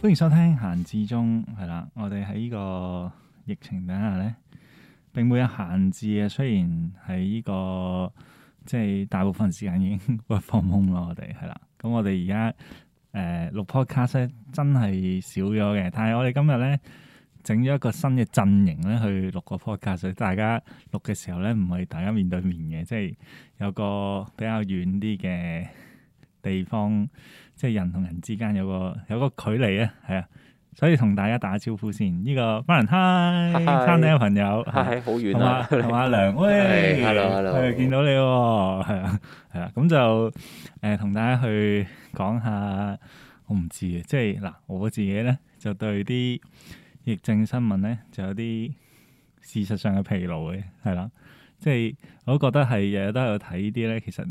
歡迎收聽閒置中，係啦，我哋喺呢個疫情底下咧，並冇有閒置嘅。雖然喺呢、這個即係大部分時間已經會放空咯，我哋係啦。咁我哋而家誒錄 podcast 呢真係少咗嘅。但係我哋今日咧整咗一個新嘅陣營咧去錄個 podcast，s，大家錄嘅時候咧唔係大家面對面嘅，即係有個比較遠啲嘅地方。即係人同人之間有個有個距離啊，係啊，所以同大家打招呼先。呢、這個班人嗨，餐廳朋友，係好 Hi, hi,、嗯、遠啊，同和好阿梁威 hello hello，見到你係啊係啊，咁、嗯、就誒同、呃、大家去講下，我唔知嘅，即係嗱，我自己咧就對啲疫症新聞咧就有啲事實上嘅疲勞嘅，係啦，即係我都覺得係日日都喺度睇呢啲咧，其實。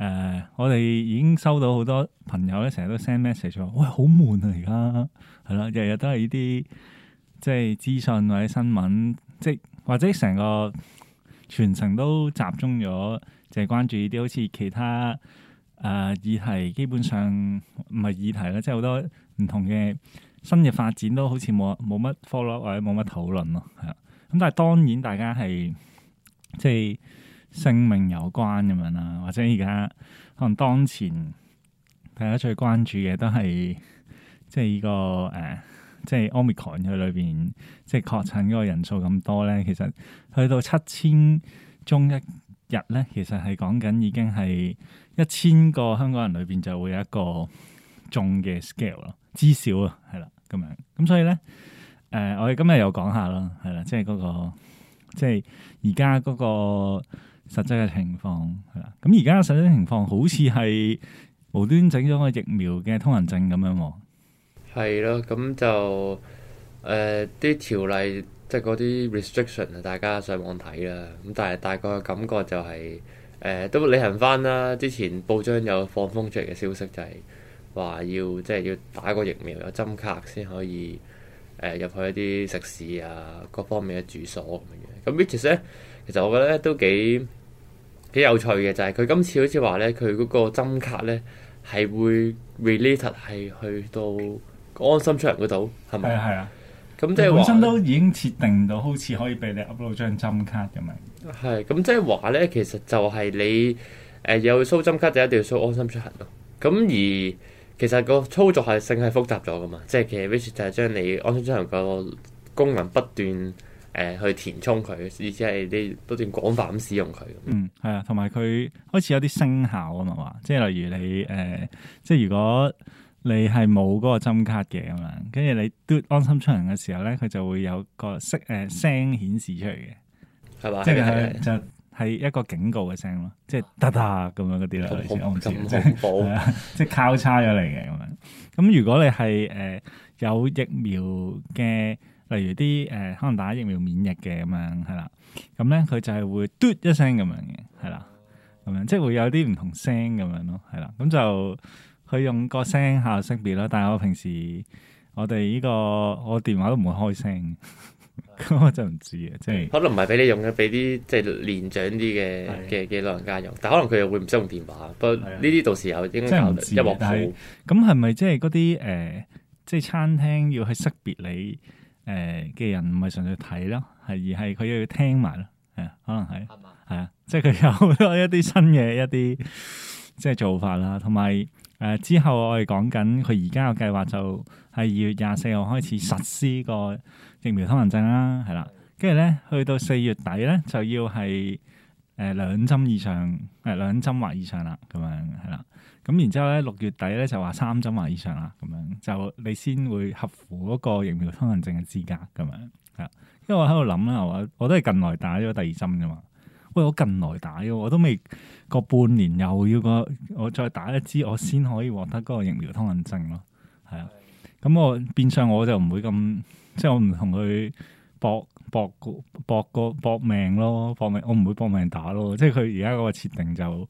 誒、呃，我哋已經收到好多朋友咧，成日都 send message，喂，好悶啊！而家係啦，日日都係呢啲即係資訊或者新聞，即或者成個全程都集中咗，淨係關注呢啲，好似其他誒、呃、議題，基本上唔係議題啦，即係好多唔同嘅新嘅發展都好似冇冇乜 follow 或者冇乜討論咯，係啦。咁但係當然大家係即係。性命有關咁樣啦，或者而家可能當前大家最關注嘅都係即係呢個誒，即係 Omicron 佢裏邊即係確診嗰個人數咁多咧，其實去到七千中一日咧，其實係講緊已經係一千個香港人裏邊就會有一個中嘅 scale 咯，至少啊係啦咁樣，咁所以咧誒、呃，我哋今日又講下咯，係啦，即係嗰個即係而家嗰個。就是實際嘅情況係啦，咁而家實際情況好似係無端整咗個疫苗嘅通行證咁樣喎。係咯，咁就誒啲、呃、條例即係嗰啲 restriction 啊，大家上網睇啦。咁但係大概嘅感覺就係、是、誒、呃、都履行翻啦。之前報章有放風出嚟嘅消息就係、是、話要即係要打個疫苗有針卡先可以誒入、呃、去一啲食肆啊，各方面嘅住所咁樣。咁 v i 呢，其實我覺得都幾。幾有趣嘅就係、是、佢今次好似話咧，佢嗰個針卡咧係會 related 係去到安心出行嗰度，係咪？係啊，係啊。咁、嗯、即係話本身都已經設定到，好似可以俾你 upload 張針卡咁樣。係，咁、嗯、即係話咧，其實就係你誒、呃、有收針卡就一定要收安心出行咯。咁、嗯、而其實個操作係性係複雜咗噶嘛，即係其實 which 就係將你安心出行個功能不斷。誒，去填充佢，而且係你不斷廣泛咁使用佢。嗯，係啊，同埋佢開始有啲聲效啊嘛，即、就、係、是、例如你誒、呃，即係如果你係冇嗰個針卡嘅咁樣，跟住你嘟安心出行嘅時候咧，佢就會有個聲誒、呃、聲顯示出嚟嘅，係嘛？即係就係一個警告嘅聲咯，即係噠噠咁樣嗰啲啦。我唔是 即係交叉咗嚟嘅咁樣。咁如果你係誒、呃、有疫苗嘅。例如啲誒、呃、可能打疫苗免疫嘅咁樣係啦，咁咧佢就係會嘟一聲咁樣嘅係啦，咁樣即係會有啲唔同聲咁樣咯係啦，咁就佢用個聲下識別啦。但係我平時我哋呢、呢個我電話都唔會開聲，咁 我就唔知嘅，即係可能唔係俾你用嘅，俾啲即係年長啲嘅嘅嘅老人家用，但可能佢又會唔想用，用電話。不過呢啲到時候應該唔知。咁係咪即係嗰啲誒，即係餐廳要去識別你？誒嘅人唔係純粹睇咯，係而係佢要聽埋咯，係啊，可能係係吧啊，即係佢有好多一啲新嘅一啲即係做法啦，同埋誒之後我哋講緊佢而家嘅計劃就係二月廿四號開始實施個疫苗通行證啦，係啦、啊，跟住咧去到四月底咧就要係。誒，兩針、呃、以上誒，兩針或以上啦，咁樣係啦。咁然之後咧，六月底咧就話三針或以上啦，咁樣就你先會合乎嗰個疫苗通行證嘅資格，咁樣係啊。因為我喺度諗啦，係我，我都係近來打咗第二針噶嘛。喂，我近來打嘅，我都未過半年，又要個我再打一支，我先可以獲得嗰個疫苗通行證咯。係啊，咁、嗯嗯、我變相我就唔會咁，即係我唔同佢搏。搏個搏個搏命咯，搏命我唔會搏命打咯，即係佢而家嗰個設定就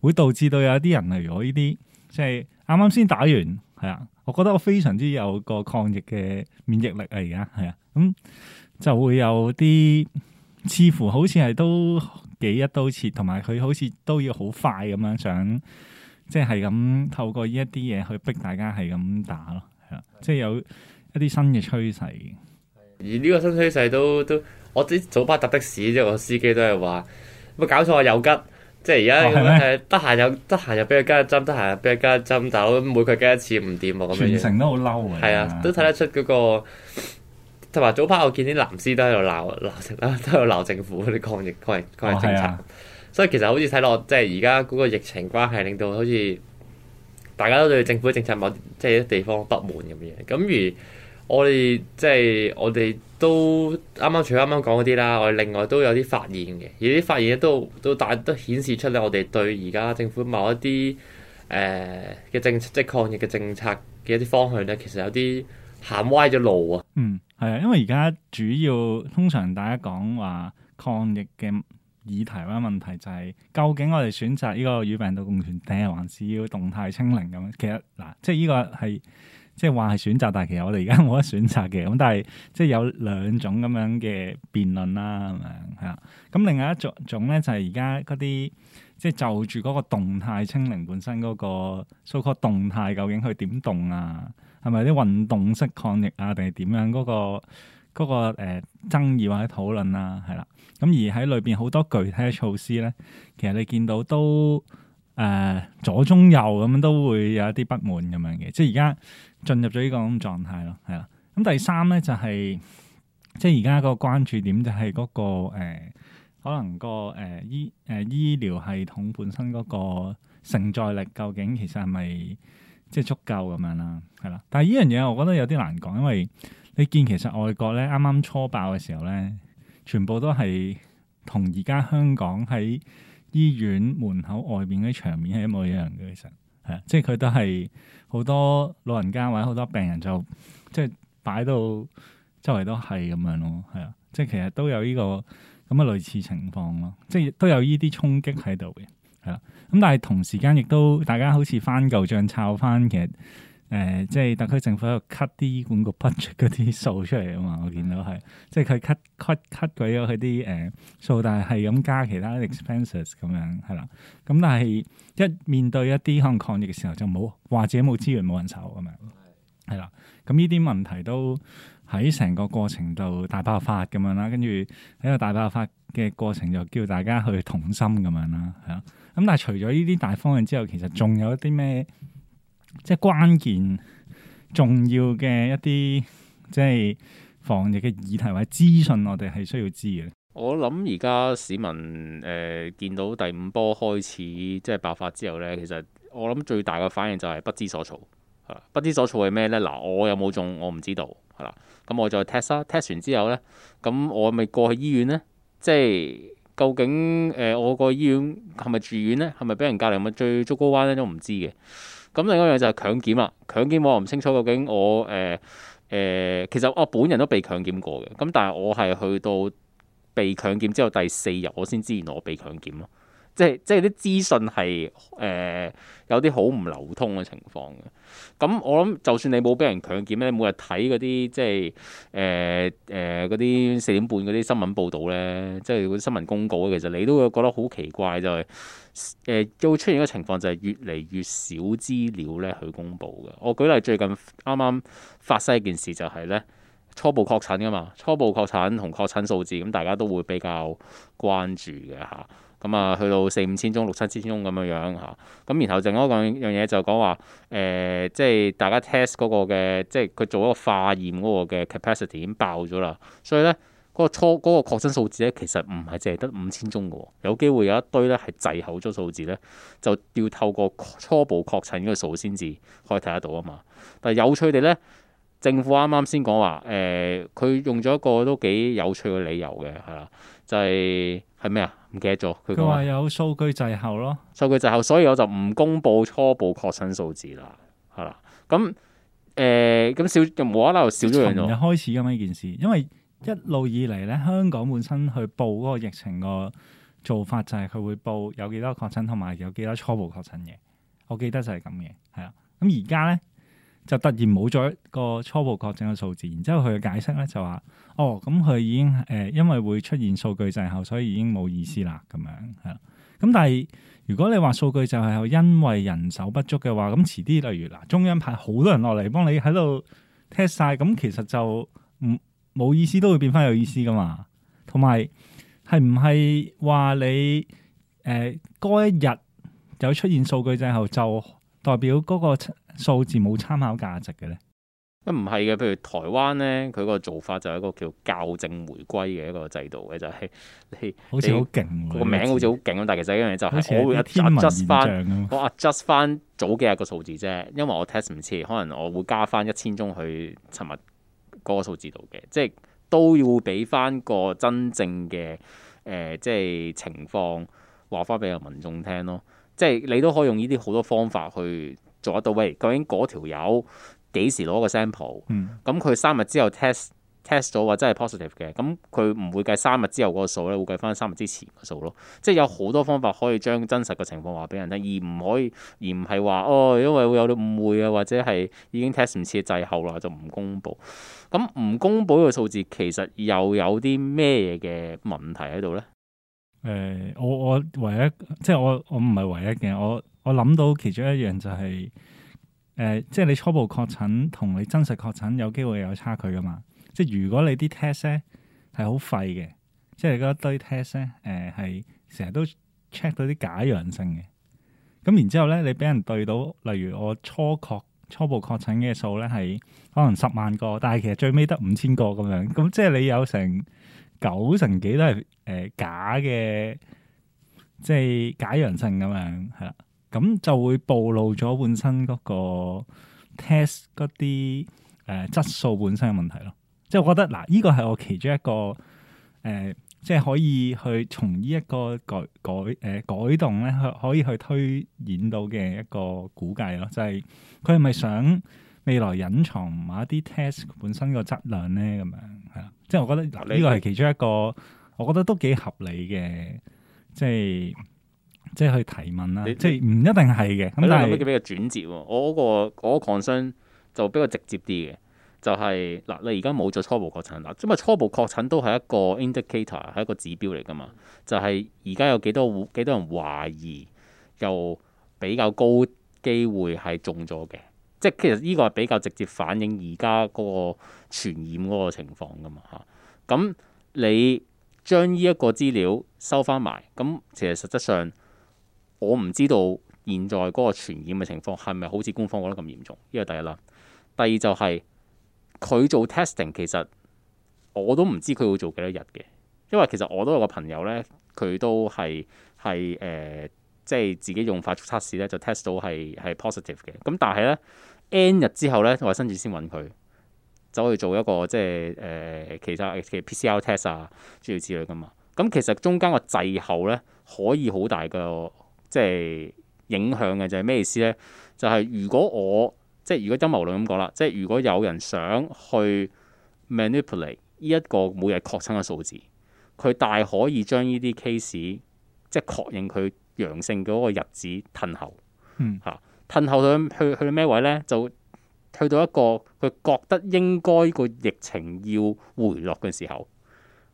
會導致到有一啲人例如我呢啲，即係啱啱先打完係啊，我覺得我非常之有個抗疫嘅免疫力啊，而家係啊，咁、嗯、就會有啲似乎好似係都幾一刀切，同埋佢好似都要好快咁樣想，即係係咁透過呢一啲嘢去逼大家係咁打咯，係啊，即係有一啲新嘅趨勢。而呢個新趨勢都都，我早排搭的士啫，個司機都係話，冇搞錯啊，又吉，即係而家得閒又得閒又俾佢加一針，得閒又俾佢加一針，但係每佢加一次唔掂喎咁嘅嘢。樣全都好嬲啊！係啊，都睇得出嗰、那個同埋，嗯、早排，我見啲藍絲都喺度鬧鬧都喺度鬧政府嗰啲抗疫抗疫抗疫政策。哦、所以其實好似睇落，即係而家嗰個疫情關係，令到好似大家都對政府政策某即係啲地方不滿咁嘅嘢。咁如、嗯我哋即係我哋都啱啱除咗啱啱講嗰啲啦，我哋另外都有啲發現嘅，而啲發現咧都都大都顯示出咧，我哋對而家政府某一啲誒嘅政策即係抗疫嘅政策嘅一啲方向咧，其實有啲行歪咗路啊。嗯，係啊，因為而家主要通常大家講話抗疫嘅議題或者問題就係、是，究竟我哋選擇呢個與病毒共存定係還是要動態清零咁？其實嗱，即係呢個係。即係話係選擇，但係其實我哋而家冇得選擇嘅咁，但係即係有兩種咁樣嘅辯論啦，咁樣係啦。咁另外一仲種咧就係而家嗰啲，即係就住、是、嗰個動態清零本身嗰、那個 so called 動態，究竟佢點動啊？係咪啲運動式抗疫啊？定係點樣？嗰、那個嗰、那個誒、呃、爭議或者討論啊？係啦。咁而喺裏邊好多具體嘅措施咧，其實你見到都。誒、呃，左中右咁樣都會有一啲不滿，咁樣嘅，即係而家進入咗呢個咁狀態咯，係啦。咁第三咧就係、是，即係而家個關注點就係嗰、那個誒、呃，可能、那個誒、呃、醫誒、呃、醫療系統本身嗰個承載力究竟其實係咪即係足夠咁樣啦，係啦。但係呢樣嘢，我覺得有啲難講，因為你見其實外國咧，啱啱初爆嘅時候咧，全部都係同而家香港喺。醫院門口外邊嗰啲場面係一模一樣嘅，其實係啊，的即係佢都係好多老人家或者好多病人就即係擺到周圍都係咁樣咯，係啊，即係其實都有呢、這個咁嘅類似情況咯，即係都有呢啲衝擊喺度嘅，係啦。咁、嗯、但係同時間亦都大家好似翻舊賬，抄翻其實。誒、呃，即係特區政府喺度 cut 啲醫管局 budget 嗰啲數出嚟啊嘛，我見到係，Okay. 即係佢 cut cut cut 鬼咗佢啲誒數，但係係咁加其他 expenses 咁樣係啦。咁但係一面對一啲可能抗疫嘅時候就，就冇或者冇資源冇人手咁樣，係啦。咁呢啲問題都喺成個過程度大爆發咁樣啦，跟住喺個大爆發嘅過程就叫大家去同心咁樣啦，係、嗯、啦。咁但係除咗呢啲大方向之後，其實仲有一啲咩？即係關鍵重要嘅一啲即係防疫嘅議題或者資訊，我哋係需要知嘅。我諗而家市民誒、呃、見到第五波開始即係爆發之後咧，其實我諗最大嘅反應就係不知所措吓，不知所措係咩咧？嗱，我有冇中，我唔知道係啦。咁我再 test 啦，test 完之後咧，咁我咪過去，去醫院咧？即係究竟誒、呃、我個醫院係咪住院咧？係咪俾人隔離咪最竹篙灣咧？都唔知嘅。咁另外一樣就係強檢啦，強檢我唔清楚究竟我誒誒、呃呃，其實我本人都被強檢過嘅，咁但係我係去到被強檢之後第四日，我先知原來我被強檢咯。即係即係啲資訊係誒、呃、有啲好唔流通嘅情況嘅。咁我諗就算你冇俾人強檢咧，你每日睇嗰啲即係誒誒嗰啲四點半嗰啲新聞報導咧，即係嗰啲新聞公告咧，其實你都會覺得好奇怪就係、是、誒，呃、最會出現嘅情況就係越嚟越少資料咧去公布嘅。我舉例最近啱啱發生一件事就係咧，初步確診噶嘛，初步確診同確診數字咁，大家都會比較關注嘅嚇。咁啊、嗯，去到四五千宗、六七千宗咁樣樣吓，咁然後剩多一樣嘢就講話，誒、呃，即係大家 test 嗰個嘅，即係佢做一個化驗嗰個嘅 capacity 已經爆咗啦，所以咧嗰、嗰個初嗰、嗰個確診數字咧，其實唔係淨係得五千宗嘅，有機會有一堆咧係滯後咗數字咧，就要透過初步確診嗰個數先至可以睇得到啊嘛。但係有趣地咧，政府啱啱先講話，誒、呃，佢用咗一個都幾有趣嘅理由嘅，係啦。就係係咩啊？唔記得咗。佢佢話有數據滯後咯，數據滯後，所以我就唔公布初步確診數字啦，係啦。咁誒，咁、呃、少又冇可能，又少咗人咯。開始咁樣呢件事，因為一路以嚟咧，香港本身去報嗰個疫情個做法就係佢會報有幾多確診，同埋有幾多初步確診嘅。我記得就係咁嘅，係啦。咁而家咧。就突然冇咗個初步確診嘅數字，然之後佢嘅解釋咧就話：哦，咁佢已經誒、呃，因為會出現數據滯後，所以已經冇意思啦。咁樣係啦。咁但係如果你話數據就係因為人手不足嘅話，咁遲啲，例如嗱，中央派好多人落嚟幫你喺度踢晒，咁其實就唔冇意思都會變翻有意思噶嘛。同埋係唔係話你誒嗰一日有出現數據滯後，就代表嗰、嗰個？數字冇參考價值嘅咧，咁唔係嘅，譬如台灣咧，佢個做法就係一個叫校正回歸嘅一個制度嘅，就係、你，好似好勁，個名好似好勁，但其實一樣嘢就係我會 adjust 翻，我 adjust 翻早幾日個數字啫，因為我 test 唔切，可能我會加翻一千宗去尋日嗰個數字度嘅，即係都要俾翻個真正嘅誒、呃，即係情況話翻俾個民眾聽咯，即係你都可以用呢啲好多方法去。做得到喂？究竟嗰條友幾時攞個 sample？咁佢三日之後 test test 咗或者係 positive 嘅，咁佢唔會計三日之後個數咧，會計翻三日之前個數咯。即係有好多方法可以將真實嘅情況話俾人聽，而唔可以而唔係話哦，因為會有啲誤會啊，或者係已經 test 唔切，滯後啦，就唔公佈。咁、嗯、唔公佈呢個數字其實又有啲咩嘅問題喺度咧？誒、欸，我我唯一即係我我唔係唯一嘅我。我諗到其中一樣就係、是，誒、呃，即係你初步確診同你真實確診有機會有差距噶嘛？即係如果你啲 test 咧係好廢嘅，即係嗰一堆 test 咧誒係成日都 check 到啲假陽性嘅。咁然之後咧，你俾人對到，例如我初確初步確診嘅數咧係可能十萬個，但係其實最尾得五千個咁樣。咁即係你有成九成幾都係誒、呃、假嘅，即係假陽性咁樣係啦。咁就會暴露咗本身嗰個 test 嗰啲誒質素本身嘅問題咯，即係我覺得嗱，呢個係我其中一個誒、呃，即係可以去從呢一個改改誒、呃、改動咧，可以去推演到嘅一個估計咯，就係佢係咪想未來隱藏埋一啲 test 本身個質量咧咁樣？係啦，即係我覺得嗱，呢個係其中一個，我覺得都幾合理嘅，即係。即係去提問啦，即係唔一定係嘅。咁但係咩叫比較轉折？我嗰、那個嗰個 concern 就比較直接啲嘅，就係、是、嗱你而家冇咗初步確診啦，因為初步確診都係一個 indicator，係一個指標嚟噶嘛。就係而家有幾多幾多人懷疑，又比較高機會係中咗嘅。即係其實呢個係比較直接反映而家嗰個傳染嗰個情況噶嘛嚇。咁、啊、你將呢一個資料收翻埋，咁其實實質上。我唔知道現在嗰個傳染嘅情況係咪好似官方講得咁嚴重？呢個第一啦。第二就係、是、佢做 testing，其實我都唔知佢會做幾多日嘅。因為其實我都有個朋友呢，佢都係係誒，即係自己用快速測試呢，就 test 到係係 positive 嘅。咁但係呢 n 日之後呢，衞生署先揾佢走去做一個即係誒、呃、其他，他 PCR test 啊諸如此類噶嘛。咁其實中間個滯後呢，可以好大個。即係影響嘅就係咩意思呢？就係、是、如果我即係如果陰謀論咁講啦，即係如果有人想去 manipulate 呢一個每日確診嘅數字，佢大可以將呢啲 case 即係確認佢陽性嗰個日子褪後，嚇褪、嗯、後去去去到咩位呢？就去到一個佢覺得應該個疫情要回落嘅時候，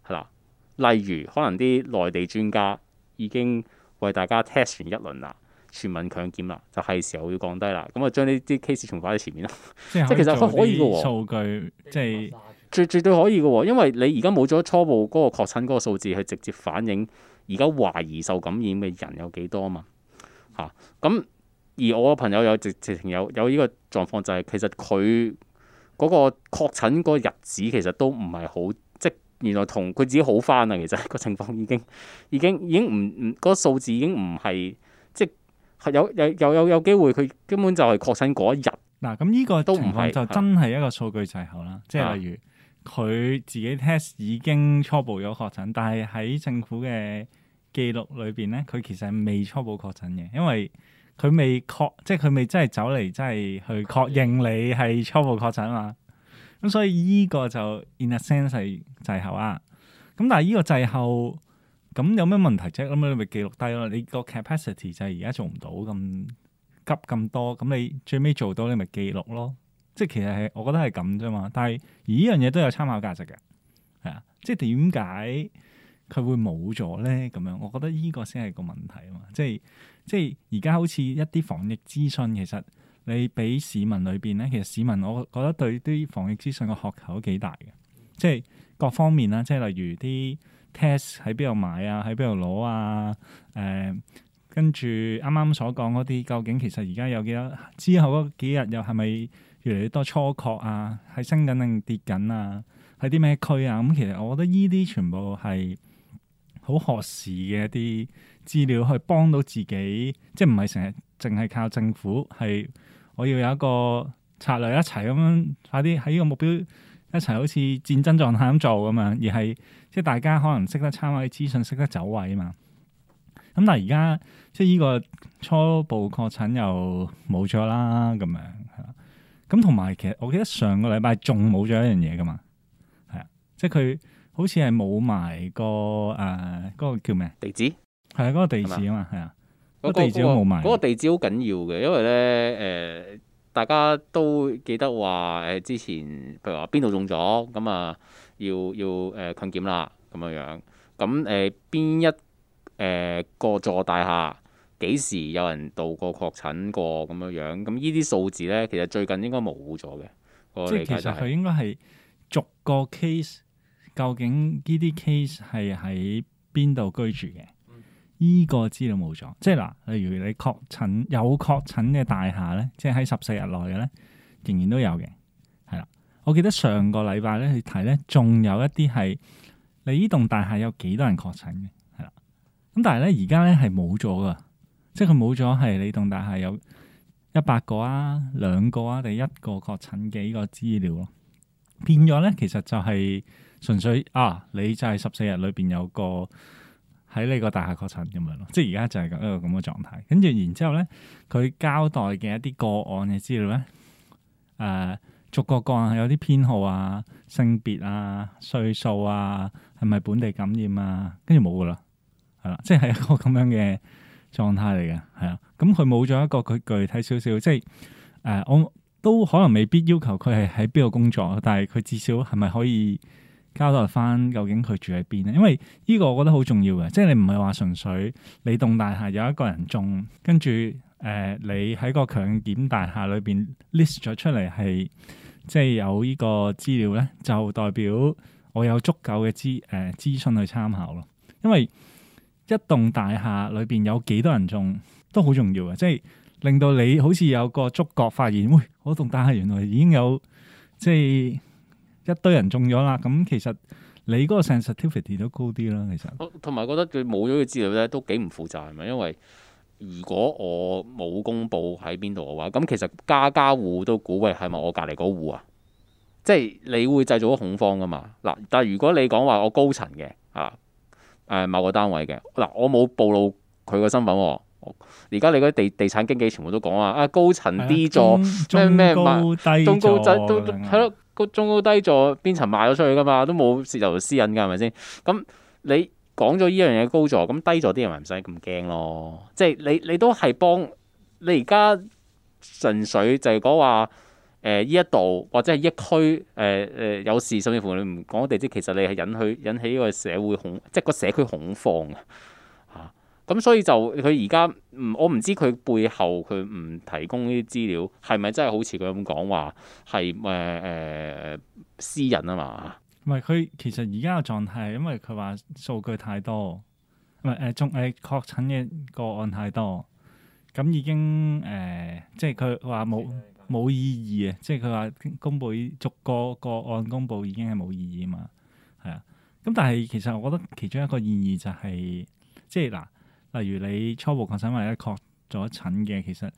係啦。例如可能啲內地專家已經。為大家 test 完一輪啦，全民強檢啦，就係、是、時候要降低啦。咁啊，將呢啲 case 重化喺前面啦。即係 其實可可以嘅數據，即、就、係、是、絕絕對可以嘅。因為你而家冇咗初步嗰個確診嗰個數字，去直接反映而家懷疑受感染嘅人有幾多啊嘛。吓、啊，咁而我個朋友有直直情有有呢個狀況，就係其實佢嗰個確診嗰日子，其實，其實都唔係好即。原來同佢自己好翻啦，其實個情況已經已經已經唔唔嗰個數字已經唔係即係有有有有有機會佢根本就係確診嗰一日嗱，咁呢個都唔係就真係一個數據滯後啦。的即係例如佢自己 test 已經初步咗確診，但係喺政府嘅記錄裏邊咧，佢其實係未初步確診嘅，因為佢未確即係佢未真係走嚟真係去確認你係初步確診啊。咁、嗯、所以依個就 in a sense 係滯後啊，咁但係依個滯後咁有咩問題啫？咁你咪記錄低咯，你個 capacity 就係而家做唔到咁急咁多，咁你最尾做到你咪記錄咯。即係其實係我覺得係咁啫嘛。但係而呢樣嘢都有參考價值嘅，係啊。即係點解佢會冇咗咧？咁樣，我覺得依、啊、個先係個問題啊嘛。即係即係而家好似一啲防疫資訊，其實。你俾市民裏邊咧，其實市民我覺得對啲防疫資訊個渴求都幾大嘅，即係各方面啦，即係例如啲 test 喺邊度買啊，喺邊度攞啊，誒、呃，跟住啱啱所講嗰啲，究竟其實而家有幾多？之後嗰幾日又係咪越嚟越多初確啊？係升緊定跌緊啊？係啲咩區啊？咁、嗯、其實我覺得依啲全部係好合時嘅一啲資料，去幫到自己，即係唔係成日淨係靠政府係。我要有一個策略一齊咁樣快啲喺呢個目標一齊，好似戰爭狀態咁做咁樣，而係即係大家可能識得參考啲資訊，識得走位啊嘛。咁但係而家即係呢個初步確診又冇咗啦，咁樣係啦。咁同埋其實我記得上個禮拜仲冇咗一樣嘢噶嘛，係啊，即係佢好似係冇埋個誒嗰個叫咩地址，係啊，嗰個地址啊嘛吧，係啊。嗰個地址都冇埋，嗰個地址好緊要嘅，因為咧誒、呃，大家都記得話誒，之前譬如話邊度中咗，咁啊要要誒、呃、檢驗啦咁樣樣、啊，咁誒邊一誒個,、呃、個座大廈幾時有人到過確診過咁樣、啊、樣、啊，咁呢啲數字咧，其實最近應該冇咗嘅。嗰個就係、即係其實佢應該係逐個 case，究竟呢啲 case 係喺邊度居住嘅？呢個資料冇咗，即係嗱，例如你確診有確診嘅大廈咧，即係喺十四日內嘅咧，仍然都有嘅，係啦。我記得上個禮拜咧去睇咧，仲有一啲係你呢棟大廈有幾多人確診嘅，係啦。咁但係咧而家咧係冇咗噶，即係佢冇咗係你棟大廈有一百個啊、兩個啊定一個確診嘅呢個資料咯，變咗咧其實就係純粹啊，你就係十四日裏邊有個。喺呢個大廈確診咁樣咯，即係而家就係一個咁嘅狀態。跟住然之後咧，佢交代嘅一啲個案嘅資料咧，誒、呃，逐個個案有啲編號啊、性別啊、歲數啊，係咪本地感染啊？跟住冇噶啦，係啦，即係一個咁樣嘅狀態嚟嘅，係啊。咁佢冇咗一個佢具體少少，即係誒、呃，我都可能未必要求佢係喺邊度工作，但係佢至少係咪可以？交代翻究竟佢住喺邊咧，因為呢個我覺得好重要嘅，即係你唔係話純粹你棟大廈有一個人中，跟住誒、呃、你喺個強檢大廈裏邊 list 咗出嚟，係，即係有呢個資料咧，就代表我有足夠嘅資誒、呃、資訊去參考咯。因為一棟大廈裏邊有幾多人中都好重要嘅，即係令到你好似有個觸覺發現，喂、哎，我棟大廈原來已經有即係。一堆人中咗啦，咁其實你嗰個 sensitivity 都高啲啦。其實，同埋覺得佢冇咗啲資料咧，都幾唔負責係咪？因為如果我冇公布喺邊度嘅話，咁其實家家戶都估喂，係咪我隔離嗰戶啊？即係你會製造恐慌噶嘛？嗱，但係如果你講話我高層嘅啊，誒某個單位嘅嗱，我冇暴露佢個身份喎。而家你嗰啲地地產經紀全部都講話啊，高層 D 座咩咩物，中高底座都係咯。個中高低座邊層賣咗出去噶嘛，都冇涉及私隱噶，係咪先？咁、嗯、你講咗依樣嘢高座，咁、嗯、低座啲人咪唔使咁驚咯。即係你你都係幫你，而家純粹就係講話誒依一度或者係一區誒誒、呃呃、有事，甚至乎你唔講地址，其實你係引許引起呢個社會恐，即係個社區恐慌嘅。咁所以就佢而家唔，我唔知佢背後，佢唔提供呢啲資料，係咪真係好似佢咁講話係誒誒私人啊嘛？唔係佢其實而家嘅狀態係因為佢話數據太多，唔係誒仲係確診嘅個案太多，咁已經誒、呃、即係佢話冇冇意義嘅，即係佢話公佈逐個個案公佈已經係冇意義啊嘛，係啊。咁但係其實我覺得其中一個意義就係、是、即係嗱。例如你初步確診或者確咗診嘅，其實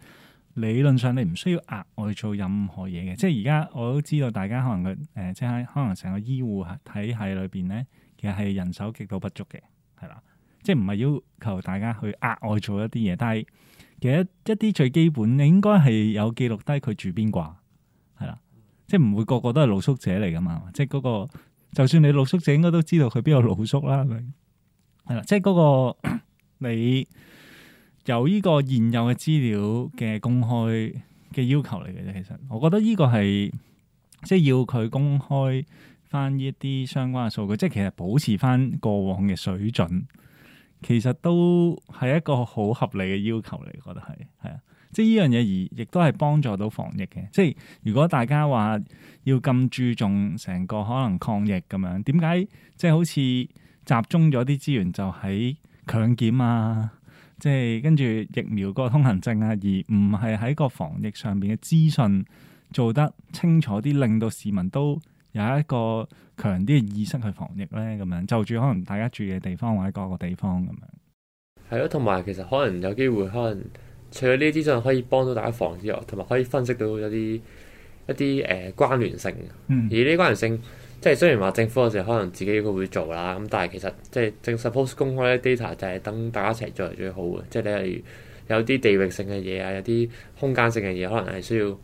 理論上你唔需要額外做任何嘢嘅。即係而家我都知道，大家可能佢，誒、呃，即係可能成個醫護體系裏邊咧，其實係人手極度不足嘅，係啦。即係唔係要求大家去額外做一啲嘢，但係其實一啲最基本，你應該係有記錄低佢住邊啩，係啦。即係唔會個個都係露宿者嚟噶嘛。即係、那、嗰個，就算你露宿者，應該都知道佢邊度露宿啦，係咪？係啦，即係、那、嗰個。 你有呢個現有嘅資料嘅公開嘅要求嚟嘅啫。其實，我覺得呢個係即係要佢公開翻一啲相關嘅數據，即係其實保持翻過往嘅水準，其實都係一個好合理嘅要求嚟。覺得係係啊，即係呢樣嘢而亦都係幫助到防疫嘅。即係如果大家話要咁注重成個可能抗疫咁樣，點解即係好似集中咗啲資源就喺強檢啊，即係跟住疫苗個通行證啊，而唔係喺個防疫上邊嘅資訊做得清楚啲，令到市民都有一個強啲嘅意識去防疫咧，咁樣就住可能大家住嘅地方或者各個地方咁樣。係咯，同埋其實可能有機會，可能除咗呢啲資訊可以幫到大家防之外，同埋可以分析到有啲一啲誒、呃、關聯性。嗯，而呢啲關聯性。即係雖然話政府有時候可能自己佢會做啦，咁但係其實即係正 suppose 公開咧 data 就係等大家一齊做嚟最好嘅。即係你例如有啲地域性嘅嘢啊，有啲空間性嘅嘢，可能係需要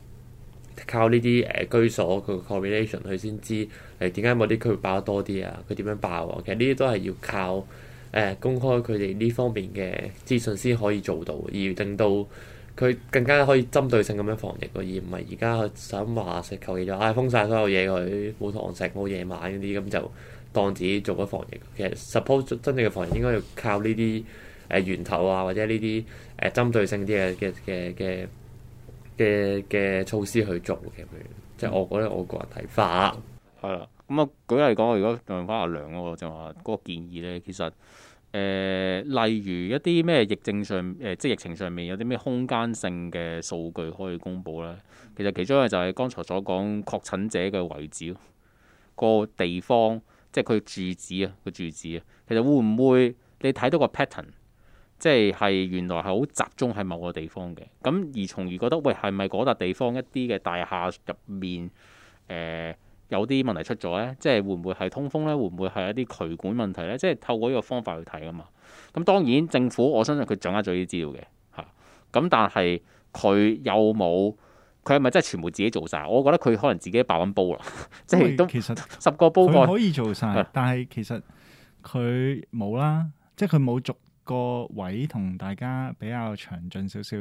靠呢啲誒居所佢個 correlation 佢先知誒點解某啲區域爆得多啲啊，佢點樣爆啊。其實呢啲都係要靠誒、呃、公開佢哋呢方面嘅資訊先可以做到，而定到。佢更加可以針對性咁樣防疫，而唔係而家想話食求其咗，唉、哎、封晒所有嘢佢冇堂食冇夜晚嗰啲，咁就當自己做咗防疫。其實 suppose 真正嘅防疫應該要靠呢啲誒源頭啊，或者呢啲誒針對性啲嘅嘅嘅嘅嘅嘅措施去做嘅，譬如即係我覺得我個人睇法。係啦，咁啊舉例講，如果用翻阿涼，嗰就話嗰個建議咧，其實。呃、例如一啲咩疫症上，呃、即係疫情上面有啲咩空間性嘅數據可以公佈呢？其實其中一個就係剛才所講確診者嘅位置，個地方，即係佢住址啊，個住址啊，其實會唔會你睇到個 pattern，即係係原來係好集中喺某個地方嘅？咁而從而覺得喂，係咪嗰笪地方一啲嘅大廈入面、呃有啲問題出咗咧，即係會唔會係通風咧？會唔會係一啲渠管問題咧？即係透過呢個方法去睇啊嘛。咁當然政府，我相信佢掌握咗啲資料嘅嚇。咁但係佢有冇？佢係咪真係全部自己做晒？我覺得佢可能自己爆緊煲啦，即係都十個煲蓋，可以做晒，但係其實佢冇啦，即係佢冇逐個位同大家比較詳盡少少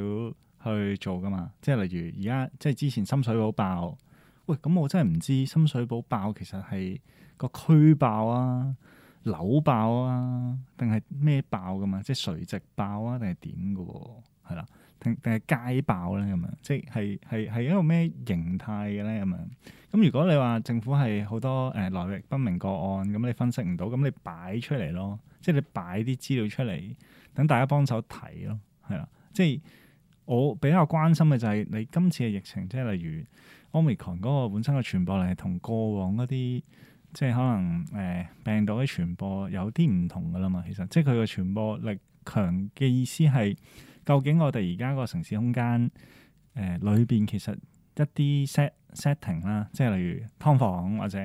去做噶嘛。即係例如而家即係之前深水埗爆。喂，咁我真係唔知深水埗爆其實係個區爆啊、樓爆啊，定係咩爆㗎嘛？即係垂直爆啊，定係點㗎？喎，係啦，定定係街爆咧咁樣？即係係係一個咩形態嘅咧咁樣？咁如果你話政府係好多誒來歷不明個案，咁你分析唔到，咁你擺出嚟咯，即係你擺啲資料出嚟，等大家幫手睇咯，係啦。即係我比較關心嘅就係你今次嘅疫情，即係例如。Omicron 嗰個本身嘅傳播力，係同過往一啲即係可能誒、呃、病毒嘅傳播有啲唔同噶啦嘛，其實即係佢嘅傳播力強嘅意思係，究竟我哋而家個城市空間誒裏邊其實一啲 set setting 啦，即係例如劏房或者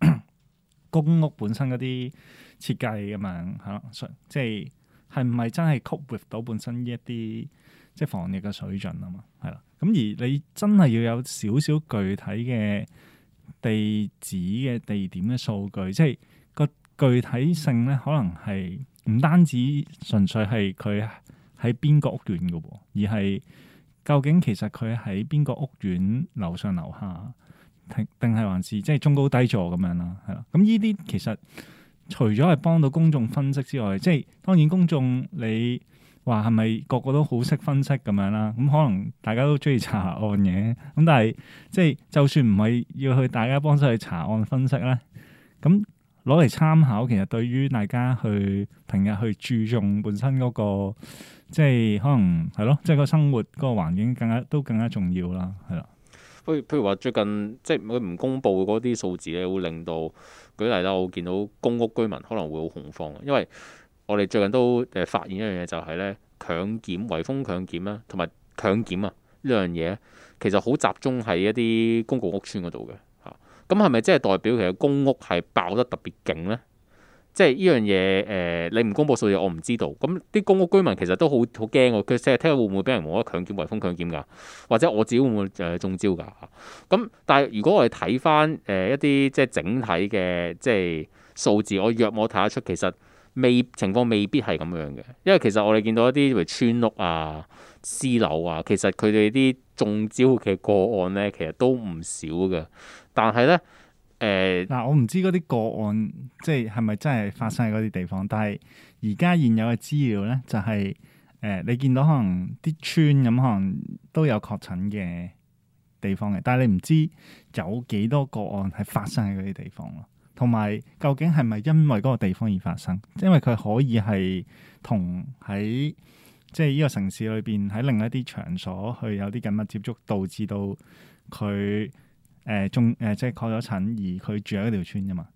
公屋本身嗰啲設計咁樣，係咯，即係係唔係真係 cope with 到本身呢一啲即係防疫嘅水準啊嘛，係啦。咁而你真係要有少少具體嘅地址嘅地點嘅數據，即係個具體性咧，可能係唔單止純粹係佢喺邊個屋苑嘅，而係究竟其實，佢喺邊個屋苑樓上樓下，定定係還是即係中高低座咁樣啦，係啦。咁呢啲其實除咗係幫到公眾分析之外，即係當然公眾你。話係咪個個都好識分析咁樣啦？咁可能大家都中意查案嘅，咁但係即係就算唔係要去大家幫手去查案分析咧，咁攞嚟參考，其實對於大家去平日去注重本身嗰個，即係可能係咯，即係個生活嗰個環境更加都更加重要啦，係啦。不如譬如話最近即佢唔公布嗰啲數字咧，會令到舉例啦，我見到公屋居民可能會好恐慌，因為。我哋最近都誒發現一樣嘢，就係咧強檢圍封強檢啦，同埋強檢啊呢樣嘢，其實好集中喺一啲公共屋邨嗰度嘅嚇。咁係咪即係代表其實公屋係爆得特別勁咧？即係呢樣嘢誒，你唔公佈數字，我唔知道。咁啲公屋居民其實都好好驚喎，佢成日聽下會唔會俾人無端強檢圍封強檢㗎，或者我自己會唔會誒、呃、中招㗎？咁、啊、但係如果我哋睇翻誒一啲、呃、即係整體嘅即係數字，我若我睇得出其實。未情況未必係咁樣嘅，因為其實我哋見到一啲譬如村屋啊、私樓啊，其實佢哋啲中招嘅個案咧，其實都唔少㗎。但係咧，誒、呃、嗱，我唔知嗰啲個案即係係咪真係發生喺嗰啲地方。但係而家現有嘅資料咧，就係、是、誒、呃、你見到可能啲村咁可能都有確診嘅地方嘅，但係你唔知有幾多個案係發生喺嗰啲地方咯。同埋，究竟係咪因為嗰個地方而發生？因為佢可以係同喺即係呢個城市裏邊喺另一啲場所去有啲緊密接觸，導致到佢誒、呃、中誒、呃、即係確咗診，而佢住喺一條村啫嘛，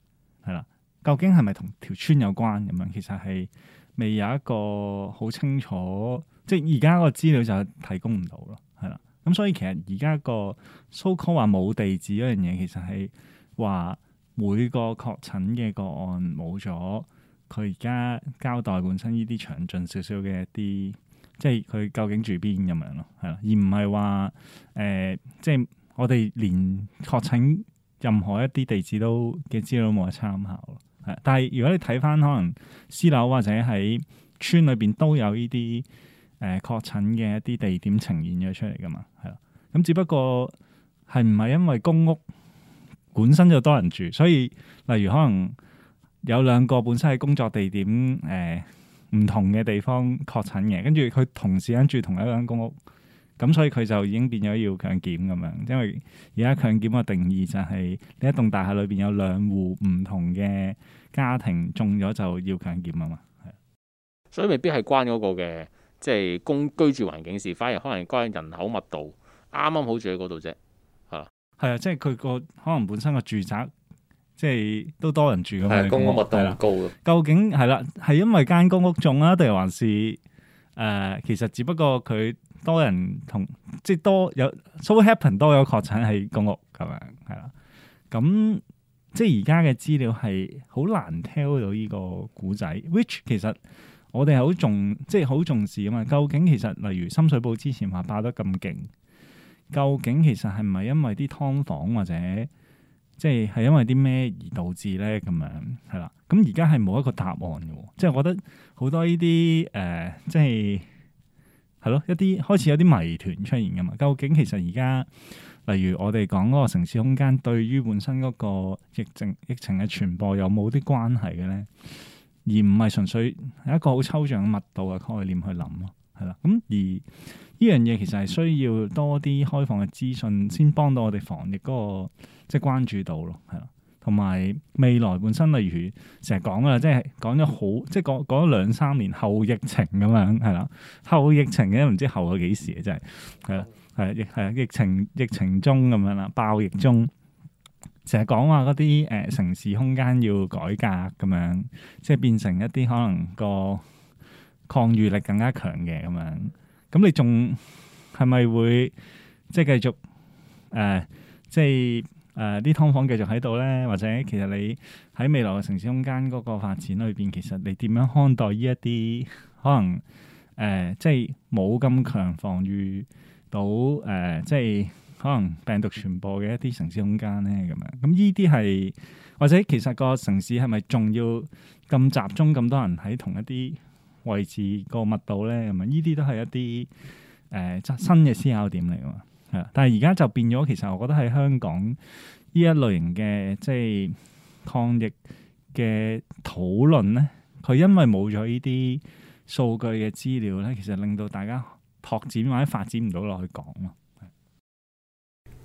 係啦。究竟係咪同條村有關咁樣？其實係未有一個好清楚，即係而家個資料就提供唔到咯，係啦。咁、嗯、所以其實而家個 so-called 話冇地址嗰樣嘢，其實係話。每個確診嘅個案冇咗，佢而家交代本身呢啲詳盡少少嘅一啲，即係佢究竟住邊咁樣咯，係啦，而唔係話誒，即、呃、係、就是、我哋連確診任何一啲地址都嘅資料都冇得參考，係。但係如果你睇翻可能私樓或者喺村裏邊都有呢啲誒確診嘅一啲地點呈現咗出嚟㗎嘛，係啦。咁只不過係唔係因為公屋？本身就多人住，所以例如可能有兩個本身係工作地點誒唔、呃、同嘅地方確診嘅，跟住佢同時間住同一間公屋，咁所以佢就已經變咗要強檢咁樣，因為而家強檢嘅定義就係呢一棟大廈裏邊有兩戶唔同嘅家庭中咗就要強檢啊嘛，係。所以未必係關嗰個嘅即係公居住環境事，反而可能關人口密度啱啱好住喺嗰度啫。係啊，即係佢個可能本身個住宅，即係都多人住咁樣，的公屋密度高，究竟係啦，係因為間公屋重啊，定還是誒、呃，其實只不過佢多人同即係多有 so happen 多有確診喺公屋咁樣，係啦。咁即係而家嘅資料係好難 tell 到呢個古仔，which 其實我哋係好重即係好重視啊嘛。究竟其實例如深水埗之前話爆得咁勁。究竟其實係咪因為啲劏房或者即係係因為啲咩而導致咧咁樣係啦？咁而家係冇一個答案嘅，即係我覺得好多呢啲誒，即係係咯，一啲開始有啲謎團出現噶嘛？究竟其實而家例如我哋講嗰個城市空間對於本身嗰個疫情疫情嘅傳播有冇啲關係嘅咧？而唔係純粹係一個好抽象嘅密度嘅概念去諗咯。係啦，咁而呢樣嘢其實係需要多啲開放嘅資訊，先幫到我哋防疫嗰、那個即係、就是、關注度咯，係啦。同埋未來本身例如成日講啦，即係講咗好，即係講講咗兩三年後疫情咁樣，係啦，後疫情嘅唔知後到幾時啊，真係係啦，係係疫情疫情中咁樣啦，爆疫中成日講話嗰啲誒城市空間要改革咁樣，即係變成一啲可能個。抗禦力更加強嘅咁樣，咁你仲係咪會即係繼續誒？即係誒、啲、呃、劏、呃、房繼續喺度咧？或者其實你喺未來嘅城市空間嗰個發展裏邊，其實你點樣看待呢一啲可能誒、呃？即係冇咁強防禦到誒、呃？即係可能病毒傳播嘅一啲城市空間咧？咁樣咁呢啲係或者其實個城市係咪仲要咁集中咁多人喺同一啲？位置個密度咧，咁樣，呢啲都係一啲誒、呃、新嘅思考點嚟㗎，係啊！但係而家就變咗，其實我覺得喺香港呢一類型嘅即係抗疫嘅討論咧，佢因為冇咗呢啲數據嘅資料咧，其實令到大家拓展或者發展唔到落去講咯。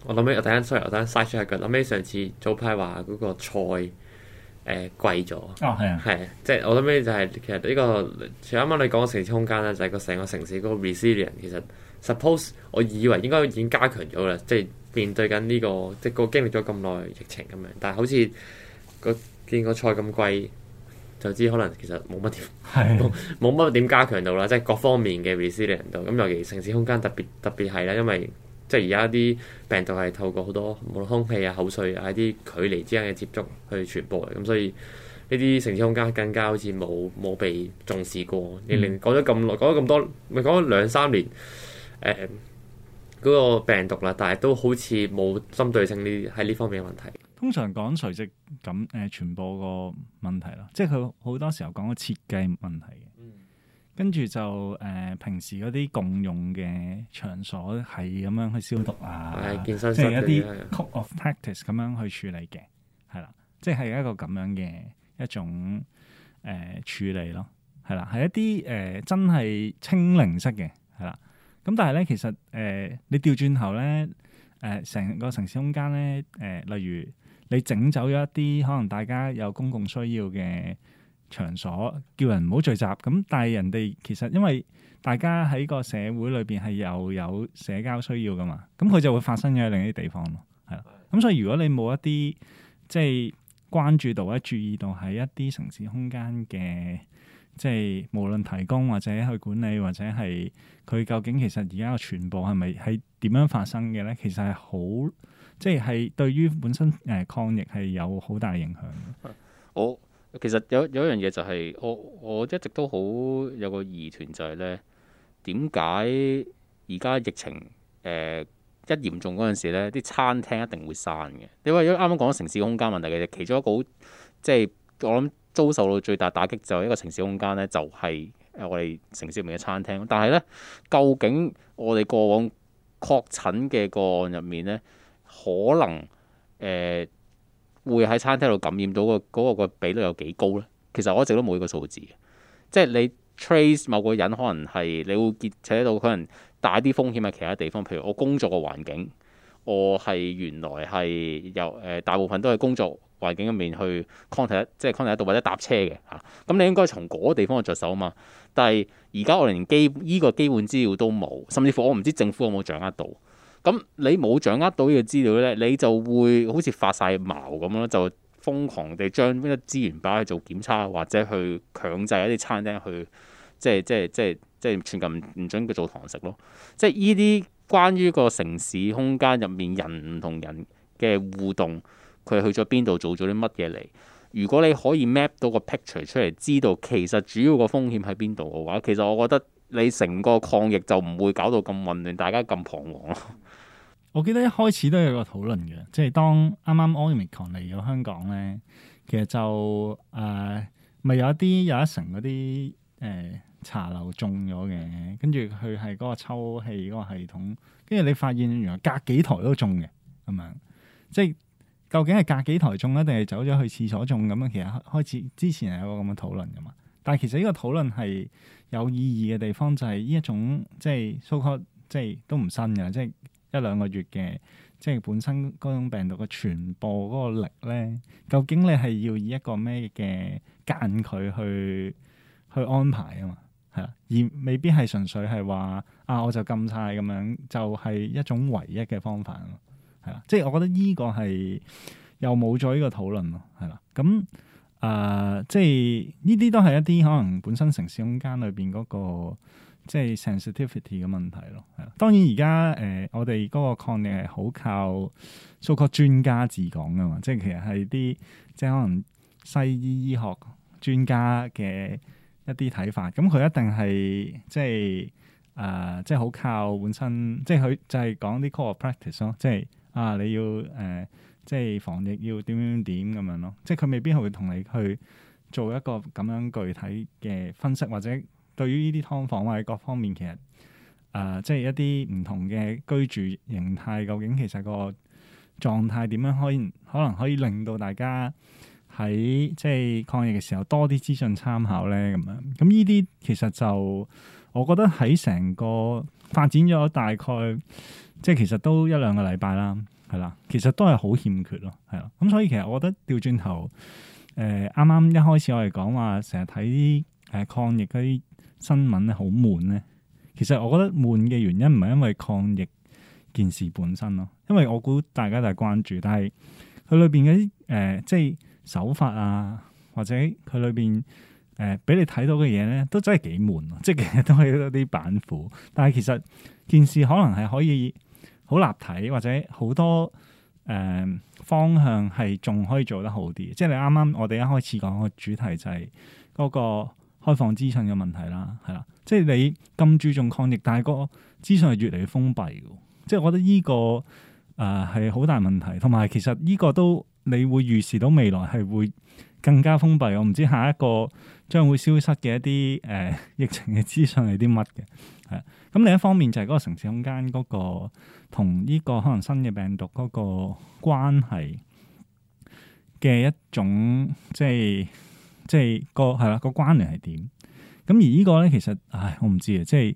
我諗起我等陣，sorry，我等陣曬出一句，諗起上次早排話嗰個菜，誒、呃、貴咗，係、哦、啊，即係、就是、我諗起就係、是、其實呢、這個，除咗啱啱你講嘅城市空間咧，就係個成個城市嗰個 resilience 其實 suppose 我以為應該已經加強咗啦，即、就、係、是、面對緊呢、這個即係個經歷咗咁耐疫情咁樣，但係好似個見個菜咁貴，就知可能其實冇乜點，冇冇乜點加強到啦，即、就、係、是、各方面嘅 resilience 度，咁尤其城市空間特別特別係咧，因為。即係而家啲病毒係透過好多無論空氣啊、口水啊、啲距離之間嘅接觸去傳播嘅，咁所以呢啲城市空間更加好似冇冇被重視過。你連講咗咁耐，講咗咁多，咪講咗兩三年誒嗰、呃那個病毒啦，但係都好似冇針對性呢喺呢方面嘅問題。通常講垂直咁誒傳播個問題啦，即係佢好多時候講個設計問題。跟住就誒、呃，平時嗰啲共用嘅場所係咁樣去消毒啊，健身即係一啲 code of practice 咁樣去處理嘅，係啦，即係一個咁樣嘅一種誒、呃、處理咯，係啦，係一啲誒、呃、真係清零式嘅，係啦。咁但係咧，其實誒、呃、你調轉頭咧，誒、呃、成個城市空間咧，誒、呃、例如你整走咗一啲可能大家有公共需要嘅。場所叫人唔好聚集，咁但係人哋其實因為大家喺個社會裏邊係又有社交需要噶嘛，咁佢就會發生咗喺另一啲地方咯，係啦。咁所以如果你冇一啲即係關注到或者注意到喺一啲城市空間嘅，即係無論提供或者去管理或者係佢究竟其實而家嘅傳播係咪係點樣發生嘅咧？其實係好即係對於本身誒抗疫係有好大影響嘅。我其實有有一樣嘢就係、是、我我一直都好有個疑團就係呢，點解而家疫情，呃、一嚴重嗰陣時呢啲餐廳一定會閂嘅？你話因為啱啱講城市空間問題嘅，其實其中一個好即係我諗遭受到最大打擊就係一個城市空間呢就係、是、我哋城市入面嘅餐廳。但係呢，究竟我哋過往確診嘅個案入面呢，可能、呃會喺餐廳度感染到個嗰個個比率有幾高呢？其實我一直都冇呢個數字，即係你 trace 某個人可能係，你會結扯到可能帶啲風險喺其他地方，譬如我工作嘅環境，我係原來係由、呃、大部分都係工作環境入面去 contact 即係 contact 度或者搭車嘅嚇，咁、啊、你應該從嗰個地方去着手啊嘛。但係而家我連基呢個基本資料都冇，甚至乎我唔知政府有冇掌握到。咁、嗯、你冇掌握到依個資料呢，你就會好似發晒毛咁咯，就瘋狂地將呢啲資源擺去做檢測，或者去強制一啲餐廳去，即係即係即係即係全禁唔準佢做堂食咯。即係呢啲關於個城市空間入面人唔同人嘅互動，佢去咗邊度做咗啲乜嘢嚟？如果你可以 map 到個 picture 出嚟，知道其實主要個風險喺邊度嘅話，其實我覺得。你成個抗疫就唔會搞到咁混亂，大家咁彷徨咯。我記得一開始都有個討論嘅，即係當啱啱 Omicron 嚟咗香港咧，其實就誒咪、呃、有一啲有一層嗰啲誒茶樓中咗嘅，跟住佢係嗰個抽氣嗰個系統，跟住你發現原來隔幾台都中嘅咁樣，即係究竟係隔幾台中咧，定係走咗去廁所中咁樣？其實開始之前係有個咁嘅討論㗎嘛。但其實呢個討論係有意義嘅地方，就係呢一種即係即係，即係都唔新嘅，即係一兩個月嘅，即係本身嗰種病毒嘅傳播嗰個力咧，究竟你係要以一個咩嘅間距去去安排啊嘛，係啦，而未必係純粹係話啊，我就禁晒咁樣，就係、是、一種唯一嘅方法咯，係啦，即係我覺得呢個係又冇咗呢個討論咯，係啦，咁、嗯。啊、呃，即係呢啲都係一啲可能本身城市空間裏邊嗰個即係 sensitivity 嘅問題咯。係啊，當然而家誒我哋嗰個抗疫係好靠所謂專家自講㗎嘛，即係其實係啲即係可能西醫醫學專家嘅一啲睇法。咁、嗯、佢一定係即係啊，即係好、呃、靠本身，即係佢就係講啲 code of practice 咯，即係啊你要誒。呃即係防疫要點點點咁樣咯，即係佢未必會同你去做一個咁樣具體嘅分析，或者對於呢啲劏房或者各方面其實誒、呃，即係一啲唔同嘅居住形態，究竟其實個狀態點樣，可以可能可以令到大家喺即係抗疫嘅時候多啲資訊參考咧咁樣。咁呢啲其實就我覺得喺成個發展咗大概即係其實都一兩個禮拜啦。係啦，其實都係好欠缺咯，係啦。咁、嗯、所以其實我覺得調轉頭，誒、呃，啱啱一開始我哋講話成日睇誒抗疫嗰啲新聞咧好悶咧。其實我覺得悶嘅原因唔係因爲抗疫件事本身咯，因爲我估大家都係關注，但係佢裏邊嗰啲誒，即係手法啊，或者佢裏邊誒俾你睇到嘅嘢咧，都真係幾悶，即係日日都係嗰啲板斧。但係其實件事可能係可以。好立體或者好多誒、呃、方向係仲可以做得好啲，即係你啱啱我哋一開始講個主題就係嗰個開放資訊嘅問題啦，係啦，即係你咁注重抗疫，但係個資訊係越嚟越封閉嘅，即係我覺得呢個誒係好大問題，同埋其實呢個都你會預示到未來係會更加封閉，我唔知下一個將會消失嘅一啲誒、呃、疫情嘅資訊係啲乜嘅。係，咁，嗯，另一方面就係嗰個城市空間嗰個同呢個可能新嘅病毒嗰個關係嘅一種，即係即係個係啦，個關聯係點？咁而個呢個咧其實，唉，我唔知啊，即係誒。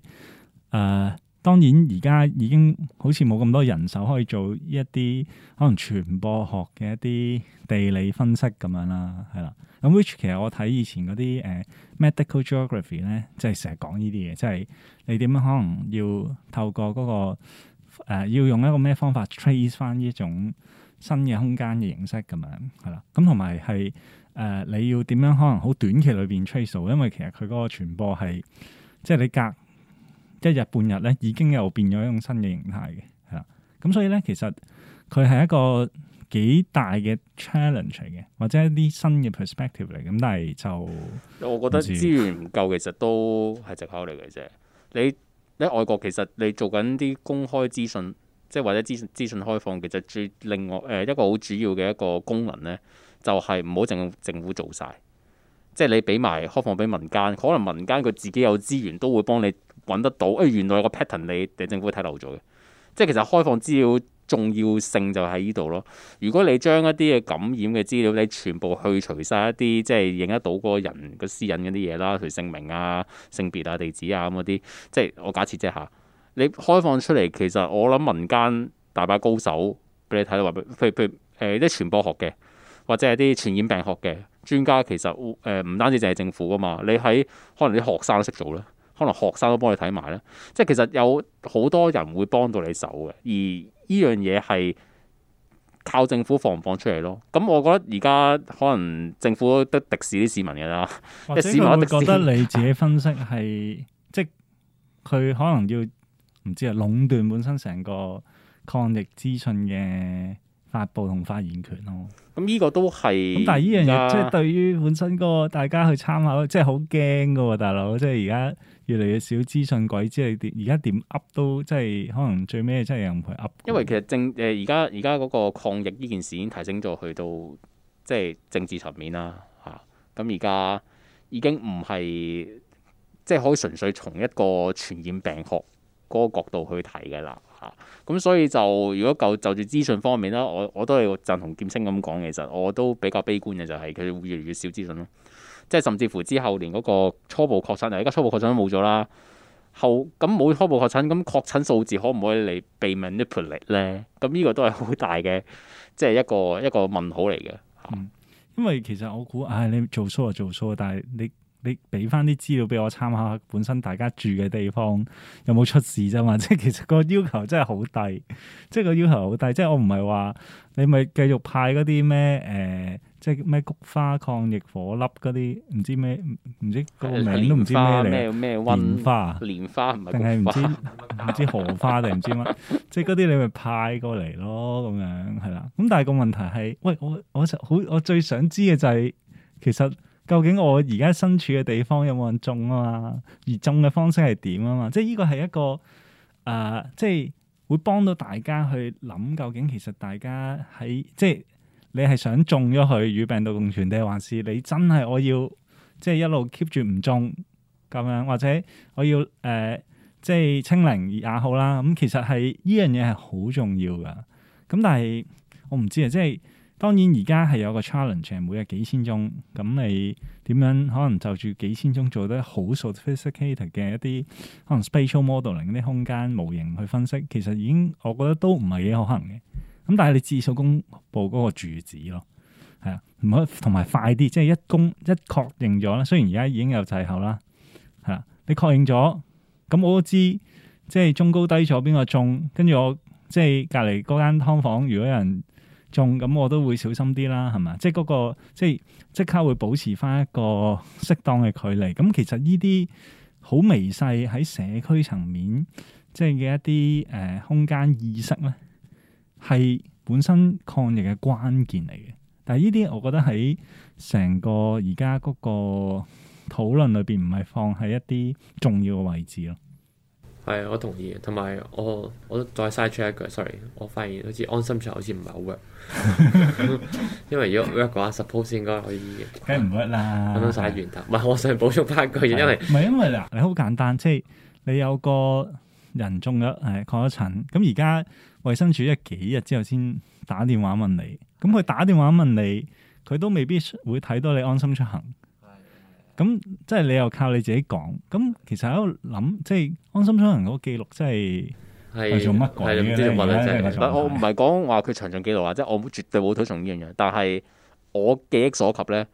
呃當然，而家已經好似冇咁多人手可以做一啲可能傳播學嘅一啲地理分析咁樣啦，係啦。咁、嗯、which 其實我睇以前嗰啲誒 medical geography 咧，即係成日講呢啲嘢，即係你點樣可能要透過嗰、嗰個、呃、要用一個咩方法 trace 翻呢種新嘅空間嘅形式咁樣，係啦。咁同埋係誒你要點樣可能好短期裏邊 trace 到，因為其實佢嗰個傳播係即係你隔。一日半日咧，已經又變咗一種新嘅形態嘅係啦。咁所以咧，其實佢係一個幾大嘅 challenge 嚟嘅，或者一啲新嘅 perspective 嚟。咁但係就我覺得資源唔夠，其實都係藉口嚟嘅啫。你喺外國其實你做緊啲公開資訊，即係或者資訊資訊開放，其實最另外誒、呃、一個好主要嘅一個功能咧，就係唔好淨政府做晒。即係你俾埋開放俾民間，可能民間佢自己有資源都會幫你。搵得到誒、哎，原來有個 pattern 你地政府睇漏咗嘅，即係其實開放資料重要性就喺呢度咯。如果你將一啲嘅感染嘅資料，你全部去除晒，一啲，即係認得到嗰個人嘅私隱嗰啲嘢啦，譬如姓名啊、性別啊、地址啊咁嗰啲，即係我假設即係吓你開放出嚟，其實我諗民間大把高手俾你睇，話譬如譬如誒啲傳播學嘅，或者係啲傳染病學嘅專家，其實誒唔、呃、單止淨係政府噶嘛，你喺可能啲學生都識做咧。可能學生都幫你睇埋咧，即係其實有好多人會幫到你手嘅，而依樣嘢係靠政府放唔放出嚟咯。咁、嗯、我覺得而家可能政府都得敵視啲市民嘅啦，即市民覺得你自己分析係 即佢可能要唔知啊，壟斷本身成個抗疫資訊嘅發佈同發言權咯。咁呢、嗯這個都係，但係呢樣嘢即係對於本身個大家去參考，即係好驚嘅喎，大佬，即係而家。越嚟越少資訊鬼，鬼知你點，而家點噏都，即係可能最尾真係又唔係噏。因為其實政誒而家而家嗰個抗疫呢件事已經提升咗去到即係政治層面啦，嚇、咁而家已經唔係即係可以純粹從一個傳染病學嗰個角度去睇嘅啦，嚇、啊、咁、嗯、所以就如果就就住資訊方面啦，我我都係贊同劍青咁講，其實我都比較悲觀嘅，就是，就係佢越嚟越少資訊咯。即係甚至乎之後，連嗰個初步確診，而家初步確診都冇咗啦。後咁冇初步確診，咁確診數字可唔可以嚟避免呢？盤嚟咧，咁呢個都係好大嘅，即係一個一個問號嚟嘅。嗯，因為其實我估，唉、哎，你做錯就做錯，但係你你俾翻啲資料俾我參考，本身大家住嘅地方有冇出事啫嘛？即係其實個要求真係好低，即係個要求好低。即係我唔係話你咪繼續派嗰啲咩誒？呃即係咩菊花、抗疫火粒嗰啲，唔知咩唔知個名都唔知咩嚟，咩蓮花、蓮花定係唔知荷花定唔知乜？即係嗰啲你咪派過嚟咯，咁樣係啦。咁但係個問題係，喂，我我就好，我最想知嘅就係、係、其實究竟我而家身處嘅地方有冇人種啊嘛？而種嘅方式係點啊嘛？即係依個係一個誒、呃，即係會幫到大家去諗究竟其實大家喺即係。即你係想中咗佢與病毒共存，定還是你真係我要即係一路 keep 住唔中咁樣，或者我要誒、呃、即係清零也好啦？咁其實係呢樣嘢係好重要㗎。咁但係我唔知啊，即係當然而家係有個 challenge，每日幾千宗。咁你點樣可能就住幾千宗做得好 sophisticated 嘅一啲可能 spatial modelling 啲空間模型去分析，其實已經我覺得都唔係幾可能嘅。咁但係你至少公布嗰個住址咯，係啊，唔可以同埋快啲，即係一公一確認咗咧。雖然而家已經有滯後啦，係啊，你確認咗，咁我都知，即係中高低咗邊個中，跟住我即係隔離嗰間劏房，如果有人中，咁我都會小心啲啦，係咪？即係嗰、那個即係即刻會保持翻一個適當嘅距離。咁其實呢啲好微細喺社區層面，即係嘅一啲誒、呃、空間意識咧。係本身抗疫嘅關鍵嚟嘅，但係呢啲我覺得喺成個而家嗰個討論裏邊，唔係放喺一啲重要嘅位置咯。係，我同意，同埋我我再晒出一句，sorry，我發現好似安心上好似唔係好 work，因為如果 work 嘅話，suppose 應該可以，梗唔 work 啦。晒源頭，唔係我想補充翻一句嘢，因為唔係因為啦，你好簡單，即係你有個人中咗誒，抗咗塵，咁而家。衛生署一幾日之後先打電話問你，咁佢打電話問你，佢都未必會睇到你安心出行。咁即係你又靠你自己講。咁其實喺度諗，即係安心出行嗰個記錄，即係係做乜鬼咧？但係我唔係講話佢長長記錄啊，即係我絕對冇推崇呢樣嘢。但係我記憶所及咧，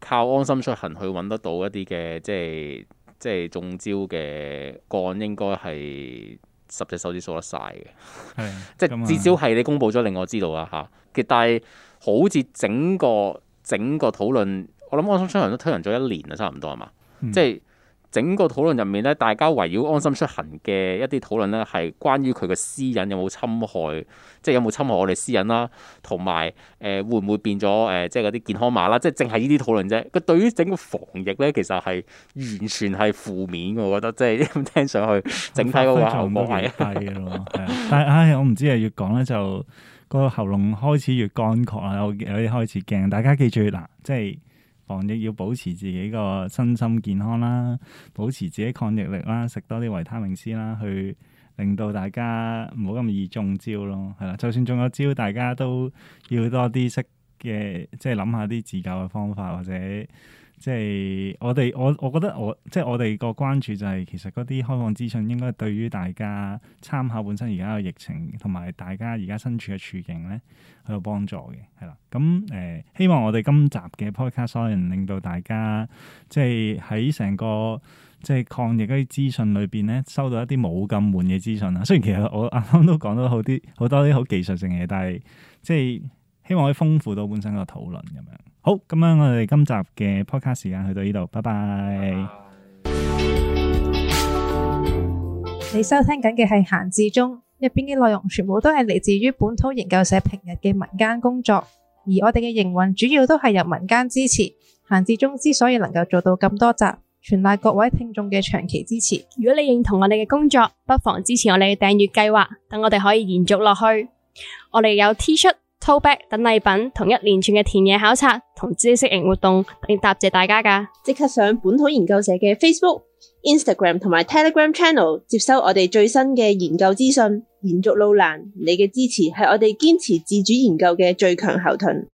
靠安心出行去揾得到一啲嘅，即係即係中招嘅個案，應該係。十隻手指數得晒嘅，即係是 至少係你公佈咗令我知道啦嚇。但係好似整個整個討論，我諗安心出行都推行咗一年啦，差唔多係嘛？即係。整個討論入面咧，大家圍繞安心出行嘅一啲討論咧，係關於佢嘅私隱有冇侵害，即係有冇侵害我哋私隱啦，同埋誒會唔會變咗誒，即係嗰啲健康碼啦，即係淨係呢啲討論啫。佢對於整個防疫咧，其實係完全係負面嘅，我覺得，即係聽上去 整體嗰個效果係低咯。係啊， 但係、唉、我唔知啊，越講咧就、個喉嚨開始越乾涸啦，我我有啲開始驚。大家記住嗱，即係。防疫要保持自己個身心健康啦，保持自己抗逆力啦，食多啲維他命 C 啦，去令到大家唔好咁易中招咯。係啦，就算中咗招，大家都要多啲識嘅，即係諗下啲自救嘅方法或者。即係我哋我我覺得我即係我哋個關注就係其實嗰啲開放資訊應該對於大家參考本身而家嘅疫情同埋大家而家身處嘅處境咧，係有幫助嘅係啦。咁誒、嗯呃，希望我哋今集嘅 podcast 能令到大家即係喺成個即係抗疫嗰啲資訊裏邊咧，收到一啲冇咁悶嘅資訊啊！雖然其實我啱啱都講到好啲好多啲好技術性嘅嘢，但係即係希望可以豐富到本身個討論咁樣。好，咁樣我哋今集嘅 podcast 時間去到呢度，拜拜。你收聽緊嘅係閒置中，入邊嘅內容全部都係嚟自於本土研究社平日嘅民間工作，而我哋嘅營運主要都係由民間支持。閒置中之所以能夠做到咁多集，全賴各位聽眾嘅長期支持。如果你認同我哋嘅工作，不妨支持我哋嘅訂閱計劃，等我哋可以延續落去。我哋有 T 恤。抽 back 等禮品同一連串嘅田野考察同知識型活動，嚟答謝大家㗎，即刻上本土研究社嘅 Facebook、Instagram 同埋 Telegram Channel，接收我哋最新嘅研究資訊，延續路難，你嘅支持係我哋堅持自主研究嘅最強後盾。